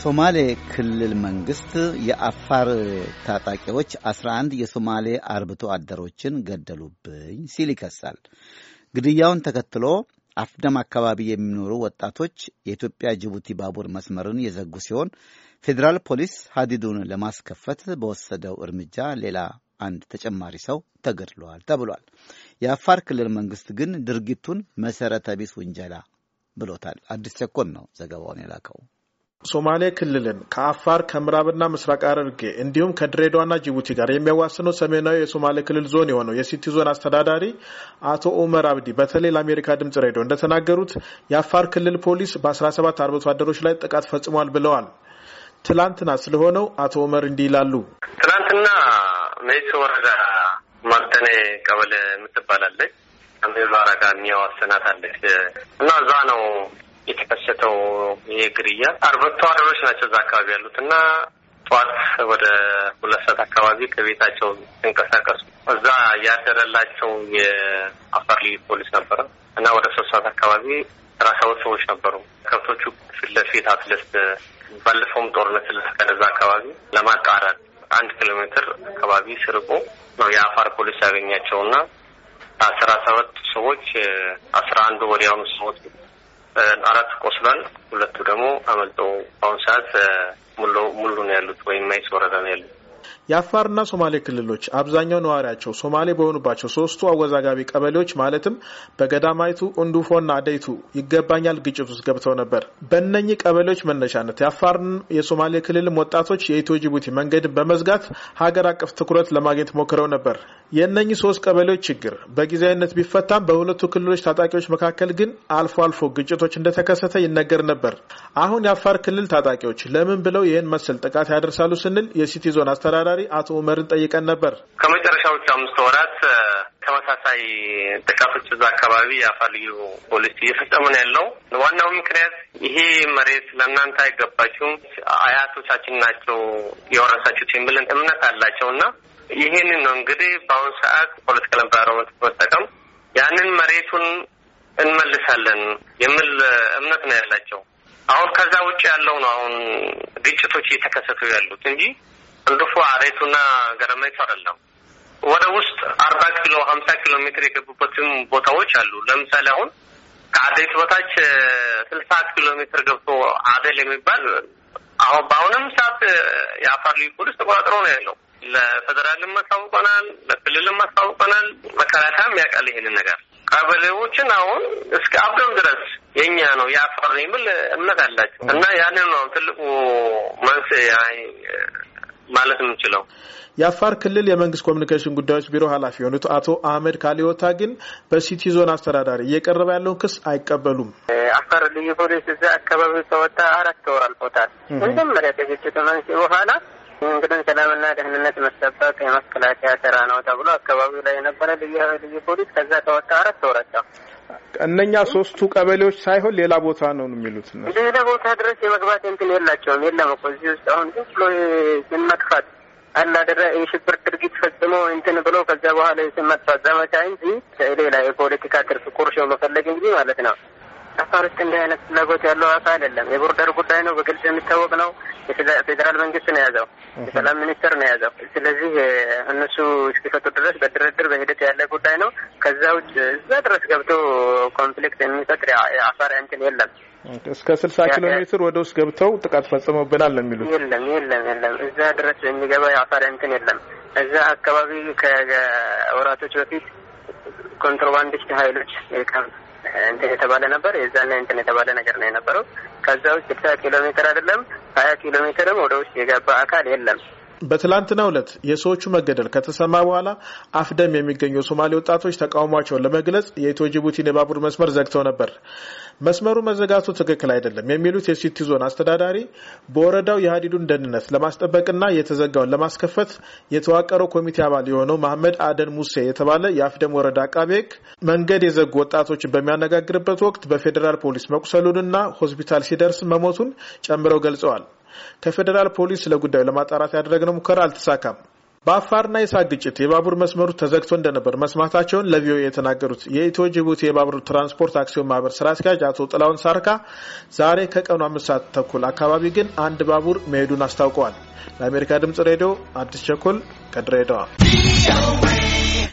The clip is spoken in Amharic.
የሶማሌ ክልል መንግስት የአፋር ታጣቂዎች 11 የሶማሌ አርብቶ አደሮችን ገደሉብኝ ሲል ይከሳል። ግድያውን ተከትሎ አፍደም አካባቢ የሚኖሩ ወጣቶች የኢትዮጵያ ጅቡቲ ባቡር መስመርን የዘጉ ሲሆን ፌዴራል ፖሊስ ሀዲዱን ለማስከፈት በወሰደው እርምጃ ሌላ አንድ ተጨማሪ ሰው ተገድለዋል ተብሏል። የአፋር ክልል መንግስት ግን ድርጊቱን መሰረተ ቢስ ውንጀላ ብሎታል። አዲስ ቸኮል ነው ዘገባውን የላከው። ሶማሌ ክልልን ከአፋር ከምዕራብና ምስራቅ ሐረርጌ እንዲሁም ከድሬዳዋና ጅቡቲ ጋር የሚያዋስነው ሰሜናዊ የሶማሌ ክልል ዞን የሆነው የሲቲ ዞን አስተዳዳሪ አቶ ኡመር አብዲ በተለይ ለአሜሪካ ድምጽ ሬዲዮ እንደተናገሩት የአፋር ክልል ፖሊስ በ17 አርብቶ አደሮች ላይ ጥቃት ፈጽሟል ብለዋል። ትላንትና ስለሆነው አቶ ኡመር እንዲህ ይላሉ። ትላንትና ሜሶ ወረዳ ማርተኔ ቀበሌ የምትባላለች ከሜዞ ጋር የሚያዋስናት አለች እና እዛ ነው የተከሰተው ይሄ ግድያ አርብቶ አደሮች ናቸው እዛ አካባቢ ያሉት እና ጠዋት ወደ ሁለት ሰዓት አካባቢ ከቤታቸው ሲንቀሳቀሱ እዛ ያደረላቸው የአፋር ልዩ ፖሊስ ነበረ እና ወደ ሶስት ሰዓት አካባቢ አስራ ሰዎች ነበሩ። ከብቶቹ ፊት ለፊት አትለስ ባለፈውም ጦርነት ስለተካሄደ እዛ አካባቢ ለማጣራት አንድ ኪሎ ሜትር አካባቢ ስርቆ ነው የአፋር ፖሊስ ያገኛቸው እና አስራ ሰባት ሰዎች አስራ አንዱ ወዲያውኑ ሰዎች አራት ቆስሏል። ሁለቱ ደግሞ አመልጠው አሁን ሰዓት ሙሉ ነው ያሉት ወይም ማይስ ወረዳ ነው ያሉት። የአፋርና ሶማሌ ክልሎች አብዛኛው ነዋሪያቸው ሶማሌ በሆኑባቸው ሶስቱ አወዛጋቢ ቀበሌዎች ማለትም በገዳማይቱ፣ እንዱፎና አደይቱ ይገባኛል ግጭት ውስጥ ገብተው ነበር። በእነኚህ ቀበሌዎች መነሻነት የአፋርን የሶማሌ ክልልም ወጣቶች የኢትዮ ጅቡቲ መንገድን በመዝጋት ሀገር አቀፍ ትኩረት ለማግኘት ሞክረው ነበር። የእነኚህ ሶስት ቀበሌዎች ችግር በጊዜያዊነት ቢፈታም በሁለቱ ክልሎች ታጣቂዎች መካከል ግን አልፎ አልፎ ግጭቶች እንደተከሰተ ይነገር ነበር። አሁን የአፋር ክልል ታጣቂዎች ለምን ብለው ይህን መሰል ጥቃት ያደርሳሉ ስንል የሲቲ ዞን አስተዳዳሪ አቶ ኡመርን ጠይቀን ነበር። ከመጨረሻዎቹ አምስት ወራት ተመሳሳይ ጥቃቶች እዛ አካባቢ የአፋር ልዩ ፖሊስ እየፈጸሙ ነው ያለው። ዋናው ምክንያት ይሄ መሬት ለእናንተ አይገባችሁም፣ አያቶቻችን ናቸው የወረሳችሁት የሚል እምነት አላቸው እና ይሄንን ነው እንግዲህ በአሁኑ ሰዓት ፖለቲካ ኤንቫይሮመንት መጠቀም ያንን መሬቱን እንመልሳለን የሚል እምነት ነው ያላቸው። አሁን ከዛ ውጭ ያለው ነው አሁን ግጭቶች እየተከሰቱ ያሉት እንጂ እንድፎ አሬቱና ገረመቱ አይደለም። ወደ ውስጥ አርባ ኪሎ ሀምሳ ኪሎ ሜትር የገቡበትም ቦታዎች አሉ። ለምሳሌ አሁን ከአዴት በታች ስልሳ ኪሎ ሜትር ገብቶ አደል የሚባል አሁን በአሁንም ሰዓት የአፋር ልዩ ፖሊስ ተቆጣጥሮ ነው ያለው። ለፌዴራልም አስታውቀናል፣ ለክልልም አስታውቀናል። መከላከያም ያውቃል ይሄንን ነገር ቀበሌዎችን አሁን እስከ አብዶም ድረስ የኛ ነው የአፋር ነው የሚል እምነት አላቸው እና ያንን ነው ትልቁ መንስኤ ማለት የምችለው። የአፋር ክልል የመንግስት ኮሚኒኬሽን ጉዳዮች ቢሮ ኃላፊ የሆኑት አቶ አህመድ ካሊዮታ ግን በሲቲ ዞን አስተዳዳሪ እየቀረበ ያለውን ክስ አይቀበሉም። አፋር ልዩ ፖሊስ እዚያ አካባቢ ተወጣ አራት ወር አልፎታል። መጀመሪያ ከግጭቱ መንስኤ በኋላ የመንገዱን ሰላምና ደህንነት መጠበቅ የመከላከያ ስራ ነው ተብሎ አካባቢው ላይ የነበረ ልዩ ልዩ ፖሊስ ከዛ ከወጣ አራት ወረዳ እነኛ ሶስቱ ቀበሌዎች ሳይሆን ሌላ ቦታ ነው የሚሉት ነው። ሌላ ቦታ ድረስ የመግባት እንትን የላቸውም። የለም እኮ እዚህ ውስጥ አሁን ዝም ብሎ ስም መጥፋት አላደረ የሽብር ድርጊት ፈጽሞ እንትን ብሎ ከዛ በኋላ የስም መጥፋት ዘመቻ እንጂ ሌላ የፖለቲካ ትርፍ ቁርሾ መፈለግ እንጂ ማለት ነው። አፋር ውስጥ እንዲህ አይነት ፍላጎት ያለው አካል የለም። የቦርደር ጉዳይ ነው፣ በግልጽ የሚታወቅ ነው። የፌዴራል መንግስት ነው የያዘው፣ የሰላም ሚኒስቴር ነው የያዘው። ስለዚህ እነሱ እስኪፈቱ ድረስ በድርድር በሂደት ያለ ጉዳይ ነው። ከዛ ውጭ እዛ ድረስ ገብቶ ኮንፍሊክት የሚፈጥር የአፋር እንትን የለም። እስከ ስልሳ ኪሎ ሜትር ወደ ውስጥ ገብተው ጥቃት ፈጽመብናል ነው የሚሉት። የለም የለም የለም፣ እዛ ድረስ የሚገባ የአፋር እንትን የለም። እዛ አካባቢ ከወራቶች በፊት ኮንትሮባንዲስት ሀይሎች እንትን የተባለ ነበር። የዛና እንትን የተባለ ነገር ነው የነበረው። ከዛ ውስጥ ስልሳ ኪሎ ሜትር አይደለም ሀያ ኪሎ ሜትርም ወደ ውስጥ የገባ አካል የለም። በትላንትና ዕለት የሰዎቹ መገደል ከተሰማ በኋላ አፍደም የሚገኙ የሶማሌ ወጣቶች ተቃውሟቸውን ለመግለጽ የኢትዮ ጅቡቲን የባቡር መስመር ዘግተው ነበር። መስመሩ መዘጋቱ ትክክል አይደለም የሚሉት የሲቲ ዞን አስተዳዳሪ በወረዳው የሀዲዱን ደህንነት ለማስጠበቅና የተዘጋውን ለማስከፈት የተዋቀረው ኮሚቴ አባል የሆነው መሐመድ አደን ሙሴ የተባለ የአፍደም ወረዳ አቃቤ ሕግ መንገድ የዘጉ ወጣቶችን በሚያነጋግርበት ወቅት በፌዴራል ፖሊስ መቁሰሉንና ሆስፒታል ሲደርስ መሞቱን ጨምረው ገልጸዋል። ከፌዴራል ፖሊስ ለጉዳዩ ለማጣራት ያደረግነው ሙከራ አልተሳካም። በአፋርና የሳ ግጭት የባቡር መስመሩ ተዘግቶ እንደነበር መስማታቸውን ለቪኦኤ የተናገሩት የኢትዮ ጅቡቲ የባቡር ትራንስፖርት አክሲዮን ማህበር ስራ አስኪያጅ አቶ ጥላውን ሳርካ ዛሬ ከቀኑ አምስት ሰዓት ተኩል አካባቢ ግን አንድ ባቡር መሄዱን አስታውቀዋል። ለአሜሪካ ድምጽ ሬዲዮ አዲስ ቸኮል ከድሬዳዋ